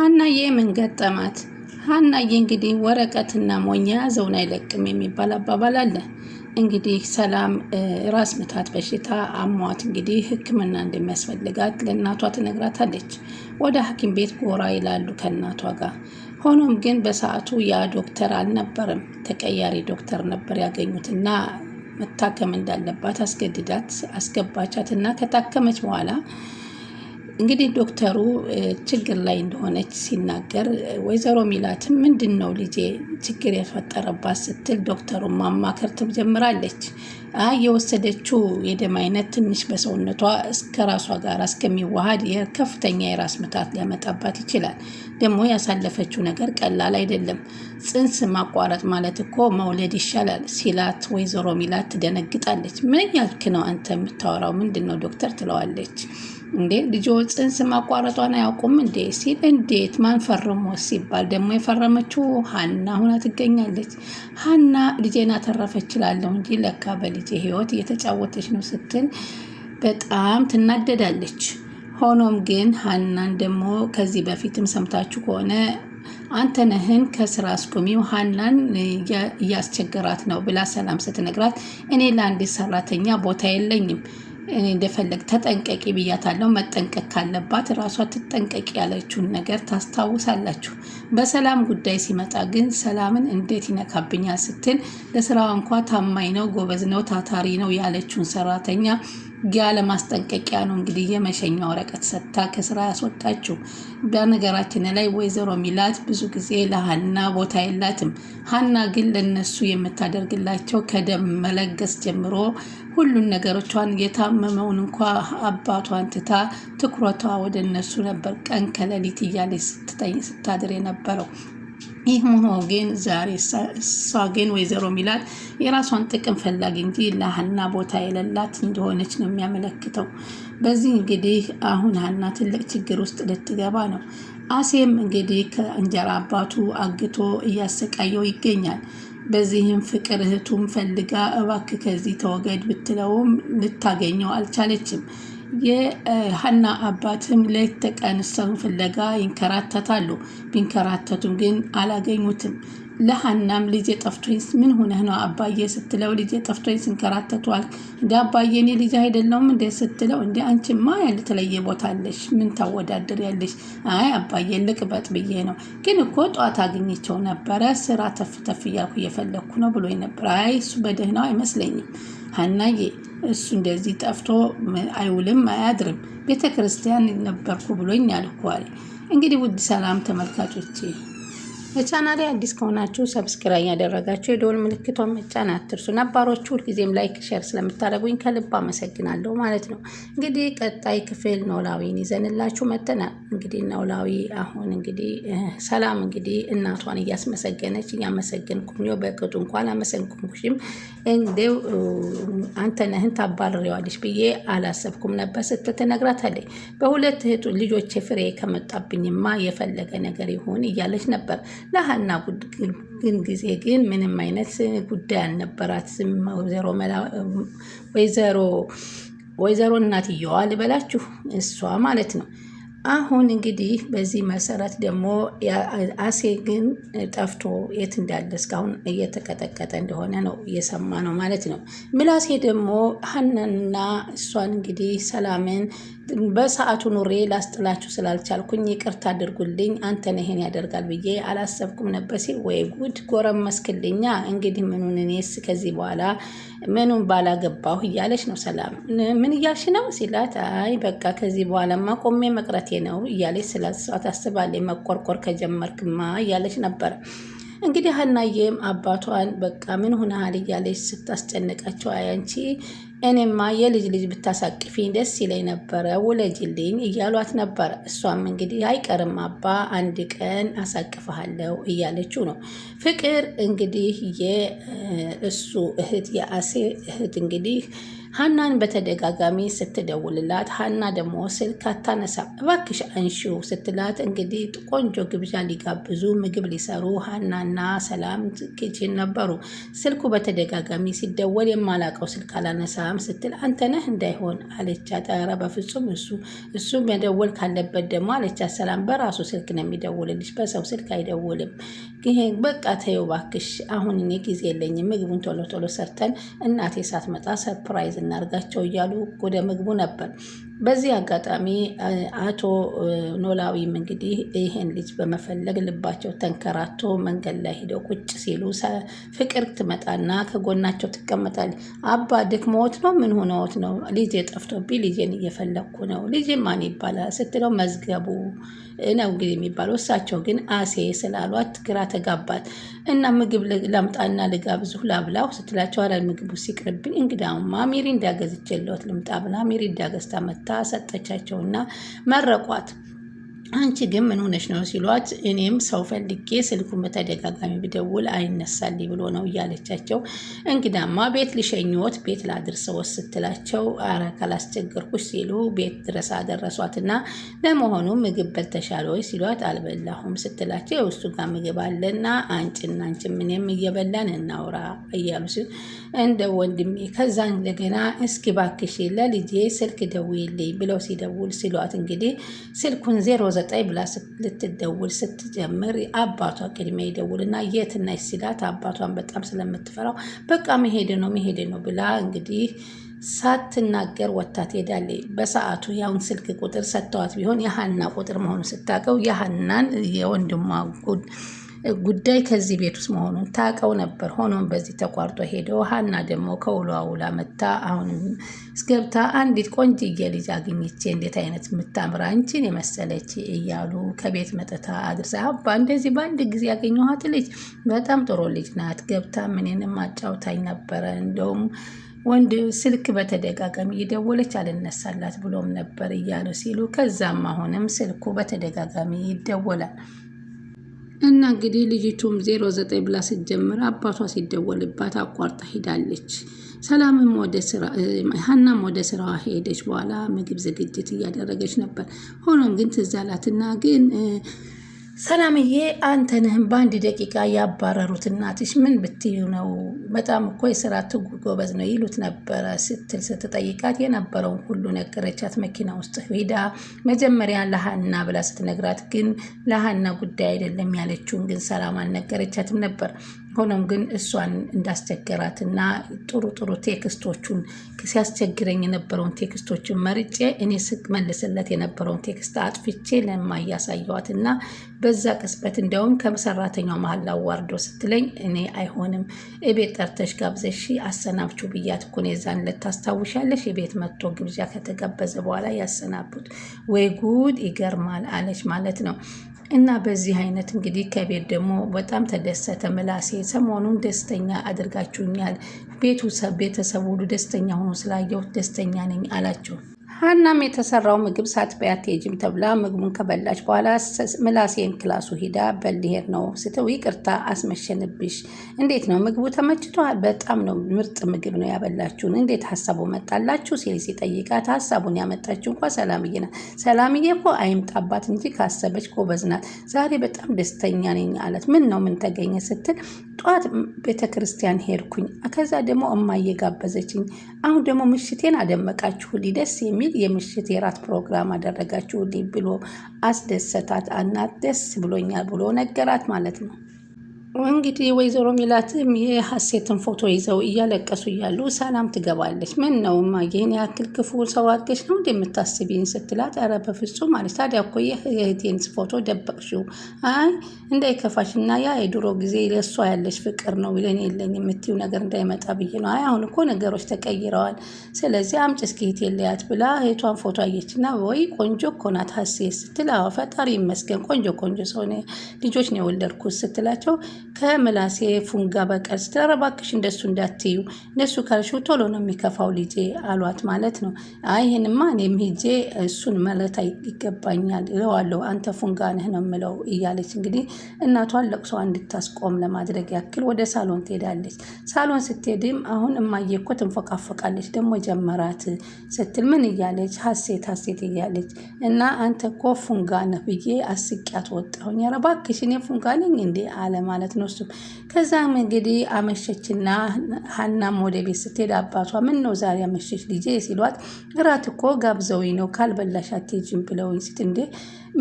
ሀናዬ ምን ገጠማት? ሀናዬ እንግዲህ ወረቀትና ሞኝ የያዘውን አይለቅም የሚባል አባባል አለ። እንግዲህ ሰላም ራስ ምታት በሽታ አሟት እንግዲህ ሕክምና እንደሚያስፈልጋት ለእናቷ ትነግራታለች። ወደ ሐኪም ቤት ጎራ ይላሉ ከእናቷ ጋር። ሆኖም ግን በሰዓቱ ያ ዶክተር አልነበርም፣ ተቀያሪ ዶክተር ነበር ያገኙትና መታከም እንዳለባት አስገድዳት አስገባቻትና ከታከመች በኋላ እንግዲህ ዶክተሩ ችግር ላይ እንደሆነች ሲናገር ወይዘሮ ሚላትም ምንድን ነው ልጄ ችግር የፈጠረባት ስትል ዶክተሩ ማማከር ትጀምራለች። አይ የወሰደችው የደም አይነት ትንሽ በሰውነቷ እስከ ራሷ ጋር እስከሚዋሃድ ከፍተኛ የራስ ምታት ሊያመጣባት ይችላል። ደግሞ ያሳለፈችው ነገር ቀላል አይደለም። ጽንስ ማቋረጥ ማለት እኮ መውለድ ይሻላል ሲላት ወይዘሮ ሚላት ትደነግጣለች። ምን ያልክ ነው አንተ የምታወራው? ምንድን ነው ዶክተር ትለዋለች። እንዴ ልጆ ጽንስ ማቋረጧን አያውቁም እንዴ ሲል እንዴት ማን ፈርሞ ሲባል ደግሞ የፈረመችው ሀና ሁና ትገኛለች። ሀና ልጄን አተረፈች እችላለሁ እንጂ ለካ በልጄ ህይወት እየተጫወተች ነው ስትል በጣም ትናደዳለች። ሆኖም ግን ሀናን ደግሞ ከዚህ በፊትም ሰምታችሁ ከሆነ አንተነህን ከስራ አስቆሚው ሀናን እያስቸገራት ነው ብላ ሰላም ስትነግራት እኔ ለአንዲት ሰራተኛ ቦታ የለኝም እኔ እንደፈለግ ተጠንቀቂ ብያታለሁ። መጠንቀቅ ካለባት ራሷ ትጠንቀቂ ያለችውን ነገር ታስታውሳላችሁ። በሰላም ጉዳይ ሲመጣ ግን ሰላምን እንዴት ይነካብኛል ስትል ለስራዋ እንኳ ታማኝ ነው፣ ጎበዝ ነው፣ ታታሪ ነው ያለችውን ሰራተኛ ያ ለማስጠንቀቂያ ነው እንግዲህ የመሸኛ ወረቀት ሰጥታ ከስራ ያስወጣችው። በነገራችን ላይ ወይዘሮ ሚላት ብዙ ጊዜ ለሀና ቦታ የላትም። ሀና ግን ለነሱ የምታደርግላቸው ከደም መለገስ ጀምሮ ሁሉን ነገሮቿን የታመመውን እንኳ አባቷን ትታ ትኩረቷ ወደ እነሱ ነበር። ቀን ከሌሊት እያለች ስታድር የነበረው ይህ ሆኖ ግን ዛሬ እሷ ግን ወይዘሮ ሚላት የራሷን ጥቅም ፈላጊ እንጂ ለሀና ቦታ የሌላት እንደሆነች ነው የሚያመለክተው። በዚህ እንግዲህ አሁን ሀና ትልቅ ችግር ውስጥ ልትገባ ነው። አሴም እንግዲህ ከእንጀራ አባቱ አግቶ እያሰቃየው ይገኛል። በዚህም ፍቅር እህቱም ፈልጋ እባክ ከዚህ ተወገድ ብትለውም ልታገኘው አልቻለችም። የሀና አባትም ሌት ተቀን እሷን ፍለጋ ይንከራተታሉ። ቢንከራተቱም ግን አላገኙትም። ለሀናም ልጅ ጠፍቶኝ ምን ሆነህ ነው አባዬ ስትለው ልጅ ጠፍቶኝ ስንከራተቷል እንደ አባዬ እኔ ልጅ አይደለውም እንደ ስትለው እንደ አንቺማ ያልተለየ ቦታ አለሽ ምን ታወዳድር ያለሽ አይ አባዬ ልቅበጥ ብዬ ነው ግን እኮ ጠዋት አግኝቸው ነበረ ስራ ተፍ ተፍ እያልኩ እየፈለግኩ ነው ብሎ ነበር አይ እሱ በደህናው አይመስለኝም ሀናዬ እሱ እንደዚህ ጠፍቶ አይውልም አያድርም ቤተ ክርስቲያን ነበርኩ ብሎኝ አልኳል እንግዲህ ውድ ሰላም ተመልካቾቼ ለቻናሌ አዲስ ከሆናችሁ ሰብስክራይብ ያደረጋችሁ የደወል ምልክቷን መጫን አትርሱ። ነባሮቹ ሁልጊዜም ላይክ፣ ሼር ስለምታደርጉኝ ከልብ አመሰግናለሁ ማለት ነው። እንግዲህ ቀጣይ ክፍል ኖላዊን ይዘንላችሁ መጥተናል። እንግዲህ ኖላዊ አሁን እንግዲህ ሰላም እንግዲህ እናቷን እያስመሰገነች እያመሰገንኩኝ ነው በቅጡ እንኳን አመሰግንኩሽም እንዴው አንተ ነህን ታባርሬዋለሽ ብዬ አላሰብኩም ነበር ስትል ትነግራታለች። በሁለት እህቱ ልጆች ፍሬ ከመጣብኝማ የፈለገ ነገር ይሁን እያለች ነበር ለሀና ግን ጊዜ ግን ምንም አይነት ጉዳይ አልነበራት። ወይዘሮ ወይዘሮ ወይዘሮ እናትየዋ ልበላችሁ እሷ ማለት ነው አሁን እንግዲህ በዚህ መሰረት ደግሞ አሴ ግን ጠፍቶ የት እንዳለ እስካሁን እየተቀጠቀጠ እንደሆነ ነው እየሰማ ነው ማለት ነው። ምላሴ ደግሞ ሀናንና እሷን እንግዲህ ሰላምን በሰዓቱ ኑሬ ላስጥላችሁ ስላልቻልኩኝ ይቅርታ አድርጉልኝ፣ አንተን ይሄን ያደርጋል ብዬ አላሰብኩም ነበር ሲል ወይ ጉድ ጎረመስክልኛ። እንግዲህ ምኑን እኔስ ከዚህ በኋላ ምኑን ባላገባሁ እያለች ነው ሰላም። ምን እያልሽ ነው ሲላት፣ አይ በቃ ከዚህ በኋላማ ቆሜ መቅረት ጥፋቴ ነው እያለች ስለ እሷ ታስባለች። መቆርቆር ከጀመርክማ እያለች ነበር። እንግዲህ ሀናዬም አባቷን በቃ ምን ሆነሃል እያለች ስታስጨንቃቸው አያንቺ እኔማ የልጅ ልጅ ብታሳቅፊኝ ደስ ይለኝ ነበረ ውለጅልኝ እያሏት ነበረ። እሷም እንግዲህ አይቀርም አባ አንድ ቀን አሳቅፍሃለሁ እያለችው ነው። ፍቅር እንግዲህ የእሱ እህት የአሴ እህት እንግዲህ ሀናን በተደጋጋሚ ስትደውልላት ሀና ደግሞ ስልክ አታነሳ፣ እባክሽ አንሺው ስትላት እንግዲህ ቆንጆ ግብዣ ሊጋብዙ ምግብ ሊሰሩ ሀናና ሰላም ኪችን ነበሩ። ስልኩ በተደጋጋሚ ሲደወል የማላቀው ስልክ አላነሳም ስትል አንተነህ እንዳይሆን አለቻት። ኧረ በፍጹም እሱ እሱ መደወል ካለበት ደግሞ አለቻት ሰላም በራሱ ስልክ ነው የሚደውልልሽ፣ በሰው ስልክ አይደውልም ይሄ በቃ ተይው እባክሽ፣ አሁን እኔ ጊዜ የለኝም። ምግቡን ቶሎ ቶሎ ሰርተን እናቴ ሳትመጣ ሰርፕራይዝ እናርጋቸው እያሉ ወደ ምግቡ ነበር በዚህ አጋጣሚ አቶ ኖላዊም እንግዲህ ይህን ልጅ በመፈለግ ልባቸው ተንከራቶ መንገድ ላይ ሂደው ቁጭ ሲሉ ፍቅር ትመጣና ከጎናቸው ትቀመጣል። አባ ደክሞት ነው ምን ሆነዎት ነው? ልጄ ጠፍቶብኝ ልጄን እየፈለግኩ ነው። ልጄ ማን ይባላል ስትለው መዝገቡ ነው እንግዲህ የሚባለው። እሳቸው ግን አሴ ስላሏት ግራ ተጋባት እና ምግብ ላምጣና ልጋብዝሁ ላብላሁ ስትላቸው አላል ምግቡ ሲቅርብኝ እንግዳውማ ሚሪ ገዝቼ ልምጣ ብላ ሚሪ ገዝታ መጣ። ሰጥታ ሰጠቻቸውና መረቋት። አንቺ ግን ምን ሆነሽ ነው ሲሏት፣ እኔም ሰው ፈልጌ ስልኩን በተደጋጋሚ ብደውል አይነሳልኝ ብሎ ነው እያለቻቸው፣ እንግዳማ ቤት ልሸኝዎት ቤት ላድርሰዎት ስትላቸው፣ አረ ካላስቸገርኩሽ ሲሉ ቤት ድረስ አደረሷትና፣ ለመሆኑ ምግብ በልተሻል ወይ ሲሏት፣ አልበላሁም ስትላቸው፣ የውስጡ ጋር ምግብ አለና አንቺና አንቺ እየበላን እናውራ እያሉ ሲሉ፣ እንደ ወንድሜ ከዛ እንደገና እስኪ ባክሽ ለልጄ ስልክ ደውይልኝ ብለው ሲደውል ሲሏት፣ እንግዲህ ስልኩን ዜሮ ዘጠኝ ብላ ልትደውል ስትጀምር አባቷ ቅድሚያ ይደውልና የት ነሽ ሲላት አባቷን በጣም ስለምትፈራው በቃ መሄድ ነው መሄድ ነው ብላ እንግዲህ ሳትናገር ወታት ትሄዳለች። በሰዓቱ ያውን ስልክ ቁጥር ሰጥተዋት ቢሆን የሀና ቁጥር መሆኑ ስታውቀው የሀናን የወንድሟ ጉዳይ ከዚህ ቤት ውስጥ መሆኑን ታውቀው ነበር። ሆኖም በዚህ ተቋርጦ ሄደው ሀና ደግሞ ከውሏ ውላ መታ አሁንም ስገብታ አንዲት ቆንጅዬ ልጅ አግኝቼ እንዴት አይነት የምታምር አንቺን የመሰለች እያሉ ከቤት መጠታ አድርሳ አባ እንደዚህ በአንድ ጊዜ ያገኘኋት ልጅ በጣም ጥሩ ልጅ ናት። ገብታ ምንንም አጫውታኝ ነበረ እንደውም ወንድ ስልክ በተደጋጋሚ ይደወለች አልነሳላት ብሎም ነበር እያሉ ሲሉ ከዛም አሁንም ስልኩ በተደጋጋሚ ይደወላል። እና እንግዲህ ልጅቱም ዜሮ ዘጠኝ ብላ ስትጀምር አባቷ ሲደወልባት አቋርጣ ሄዳለች። ሰላምም ወደ ስራ ሀናም ወደ ስራዋ ሄደች። በኋላ ምግብ ዝግጅት እያደረገች ነበር። ሆኖም ግን ትዝ አላትና ግን ሰላምዬ አንተንህም በአንድ ደቂቃ ያባረሩት እናትሽ ምን ብትዩ ነው? በጣም እኮ የስራ ትጉ ጎበዝ ነው ይሉት ነበረ ስትል ስትጠይቃት የነበረውን ሁሉ ነገረቻት። መኪና ውስጥ ሄዳ መጀመሪያ ለሀና ብላ ስትነግራት ግን ለሀና ጉዳይ አይደለም ያለችውን ግን ሰላም አልነገረቻትም ነበር። ሆኖም ግን እሷን እንዳስቸገራት እና ጥሩ ጥሩ ቴክስቶቹን ሲያስቸግረኝ የነበረውን ቴክስቶችን መርጬ እኔ ስቅ መልስለት የነበረውን ቴክስት አጥፍቼ ለማያሳየዋት እና በዛ ቅጽበት እንዲያውም ከሰራተኛው መሀል ላዋርዶ ስትለኝ እኔ አይሆንም እቤት ጠርተሽ ጋብዘሽ አሰናብቹ ብያት እኮ ነው የዛን ዕለት ታስታውሻለሽ? የቤት መጥቶ ግብዣ ከተጋበዘ በኋላ ያሰናቡት ወይ ጉድ ይገርማል አለች ማለት ነው። እና በዚህ አይነት እንግዲህ ከቤት ደግሞ በጣም ተደሰተ ምላሴ። ሰሞኑን ደስተኛ አድርጋችሁኛል፣ ቤቱ ቤተሰብ ሁሉ ደስተኛ ሆኖ ስላየሁት ደስተኛ ነኝ አላቸው። ሀናም የተሰራው ምግብ ሳትበይ አትሄጂም ተብላ ምግቡን ከበላች በኋላ ምላሴን ክላሱ ሂዳ በልሄድ ነው ስትው ይቅርታ አስመሸንብሽ። እንዴት ነው ምግቡ ተመችቷል? በጣም ነው ምርጥ ምግብ ነው ያበላችሁን። እንዴት ሀሳቡ መጣላችሁ ሲል ሲጠይቃት ሀሳቡን ያመጣችሁ እንኳ ሰላምዬ ናት። ሰላምዬ እኮ አይምጣባት እንጂ ካሰበች ጎበዝ ናት። ዛሬ በጣም ደስተኛ ነኝ አለት። ምን ነው ምን ተገኘ ስትል ጠዋት ቤተ ክርስቲያን ሄድኩኝ፣ ከዛ ደግሞ እማዬ ጋበዘችኝ። አሁን ደግሞ ምሽቴን አደመቃችሁ ደስ የሚል በሚል የምሽት የራት ፕሮግራም አደረጋችሁልኝ ብሎ አስደሰታት። አናት ደስ ብሎኛል ብሎ ነገራት ማለት ነው። እንግዲህ ወይዘሮ ሚላትም የሀሴትን ፎቶ ይዘው እያለቀሱ እያሉ ሰላም ትገባለች። ምን ነው እማዬ ይህን ያክል ክፉ ሰው አድርገሽ ነው እንደ እንደምታስቢን ስትላት፣ ኧረ በፍጹም አለች። ታዲያ እኮ የእህቴን ፎቶ ደበቅሽው። አይ እንዳይከፋሽ እና ያ የድሮ ጊዜ ለሷ ያለሽ ፍቅር ነው ለኔ የለኝ የምትይው ነገር እንዳይመጣ ብዬ ነው። አይ አሁን እኮ ነገሮች ተቀይረዋል። ስለዚህ አምጪ እስኪ እህቴን ልያት ብላ እህቷን ፎቶ አየች አየችና፣ ወይ ቆንጆ እኮ ናት ሀሴት ስትል፣ አዎ ፈጣሪ ይመስገን ቆንጆ ቆንጆ ሰው ልጆች ነው የወለድኩት ስትላቸው ከምላሴ ፉንጋ በቀር ስተረባክሽ እንደሱ እንዳትዩ እንደሱ ካልሽው ቶሎ ነው የሚከፋው ልጄ አሏት ማለት ነው። አይ ይህንማ እኔም ሂጄ እሱን መለት ይገባኛል እለዋለሁ። አንተ ፉንጋ ነህ ነው የምለው እያለች እንግዲህ እናቷን ለቅሶ እንድታስቆም ለማድረግ ያክል ወደ ሳሎን ትሄዳለች። ሳሎን ስትሄድም አሁን እማዬ እኮ ትንፎቃፎቃለች ደግሞ ጀመራት ስትል ምን እያለች ሀሴት ሀሴት እያለች እና አንተ እኮ ፉንጋ ነህ ብዬ አስቂያት ወጣሁኝ። ኧረ እባክሽ እኔ ፉንጋ ነኝ እንዴ አለ ማለት ማለት ነው። እሱም ከዛም እንግዲህ አመሸችና ሀናም ወደ ቤት ስትሄድ አባቷ ምን ነው ዛሬ አመሸች ልጄ ሲሏት እራት እኮ ጋብዘውኝ ነው ካልበላሽ አትሄጂም ብለውኝ ሲት እንዴ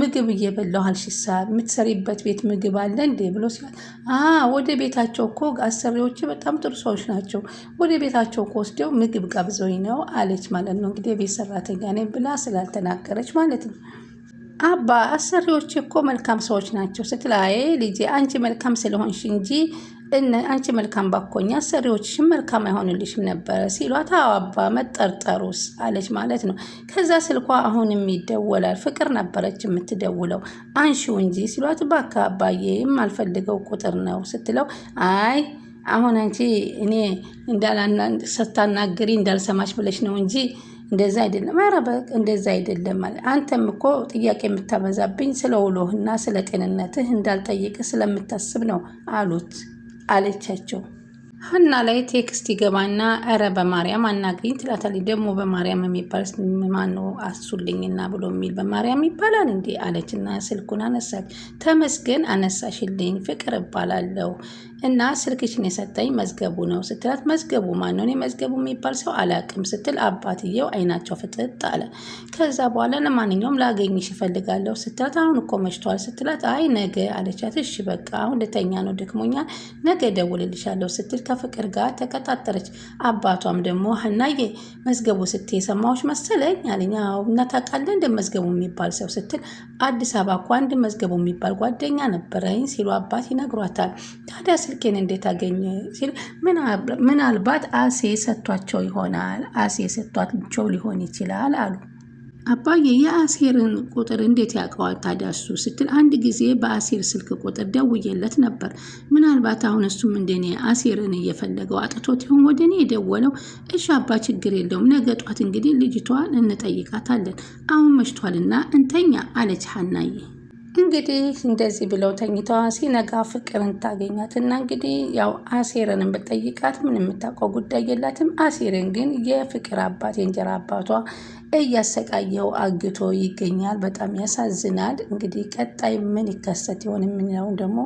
ምግብ እየበላሁ አልሽሳ የምትሰሪበት ቤት ምግብ አለ እንዴ ብሎ ሲላት ወደ ቤታቸው እኮ አሰሪዎች በጣም ጥሩ ሰዎች ናቸው ወደ ቤታቸው እኮ ወስደው ምግብ ጋብዘውኝ ነው አለች ማለት ነው። እንግዲህ የቤት ሰራተኛ ነኝ ብላ ስላልተናገረች ማለት ነው። አባ አሰሪዎች እኮ መልካም ሰዎች ናቸው ስትላይ ልጄ አንቺ መልካም ስለሆንሽ እንጂ አንቺ መልካም ባኮኛ አሰሪዎችሽም መልካም አይሆንልሽም ነበረ ሲሏት፣ አባ መጠርጠሩስ አለች ማለት ነው። ከዛ ስልኳ አሁንም ይደወላል። ፍቅር ነበረች የምትደውለው። አንሺው እንጂ ሲሏት፣ ባካ አባዬ የማልፈልገው ቁጥር ነው ስትለው፣ አይ አሁን አንቺ እኔ ስታናግሪ እንዳልሰማች ብለሽ ነው እንጂ እንደዛ አይደለም፣ ኧረ እንደዛ አይደለም ማለት አንተም እኮ ጥያቄ የምታበዛብኝ ስለ ውሎህና ስለ ጤንነትህ እንዳልጠይቅ ስለምታስብ ነው አሉት አለቻቸው። ሀና ላይ ቴክስት ይገባና ኧረ በማርያም አናግሪኝ ትላታለች። ደግሞ በማርያም የሚባል ማነው አሱልኝና ብሎ የሚል በማርያም ይባላል እንዴ አለችና ስልኩን አነሳች። ተመስገን አነሳሽልኝ፣ ፍቅር እባላለሁ እና ስልክሽን የሰጠኝ መዝገቡ ነው ስትላት፣ መዝገቡ ማን ነው? እኔ መዝገቡ የሚባል ሰው አላቅም ስትል አባትየው አይናቸው ፍጥጥ አለ። ከዛ በኋላ ለማንኛውም ላገኝሽ እፈልጋለሁ ስትላት፣ አሁን እኮ መሽቷል ስትላት፣ አይ ነገ አለቻት። እሺ በቃ አሁን ልተኛ ነው ደክሞኛል፣ ነገ ደውልልሻለሁ ስትል ከፍቅር ጋር ተቀጣጠረች። አባቷም ደግሞ ሀናዬ መዝገቡ ስትይ የሰማሁሽ መሰለኝ አለኝ። አዎ እና ታውቃለህ እንደ መዝገቡ የሚባል ሰው ስትል፣ አዲስ አበባ እኮ አንድ መዝገቡ የሚባል ጓደኛ ነበረኝ ሲሉ አባት ይነግሯታል። ታዲያ ስልኬን እንዴት አገኘ ሲል ምናልባት አሴ ሰጥቷቸው ይሆናል፣ አሴ ሰጥቷቸው ሊሆን ይችላል አሉ። አባዬ የአሴርን ቁጥር እንዴት ያውቀዋል ታዲያ እሱ ስትል፣ አንድ ጊዜ በአሴር ስልክ ቁጥር ደውዬለት ነበር። ምናልባት አሁን እሱም እንደኔ አሴርን እየፈለገው አጥቶት ይሆን ወደ እኔ የደወለው? እሺ አባ ችግር የለውም። ነገ ጧት እንግዲህ ልጅቷን እንጠይቃታለን። አሁን መሽቷልና እንተኛ አለች ሀናዬ። እንግዲህ እንደዚህ ብለው ተኝተዋ። ሲነጋ ፍቅርን ታገኛትና እንግዲህ ያው አሴርንም ብጠይቃት ምን የምታውቀው ጉዳይ የላትም። አሴርን ግን የፍቅር አባት የእንጀራ አባቷ እያሰቃየው አግቶ ይገኛል። በጣም ያሳዝናል። እንግዲህ ቀጣይ ምን ይከሰት ይሆን የምንለውን ደግሞ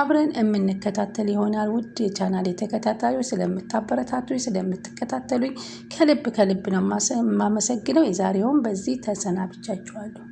አብረን የምንከታተል ይሆናል። ውድ የቻናል የተከታታዮች ስለምታበረታቱኝ፣ ስለምትከታተሉኝ ከልብ ከልብ ነው የማመሰግነው። የዛሬውን በዚህ ተሰናብቻችኋለሁ።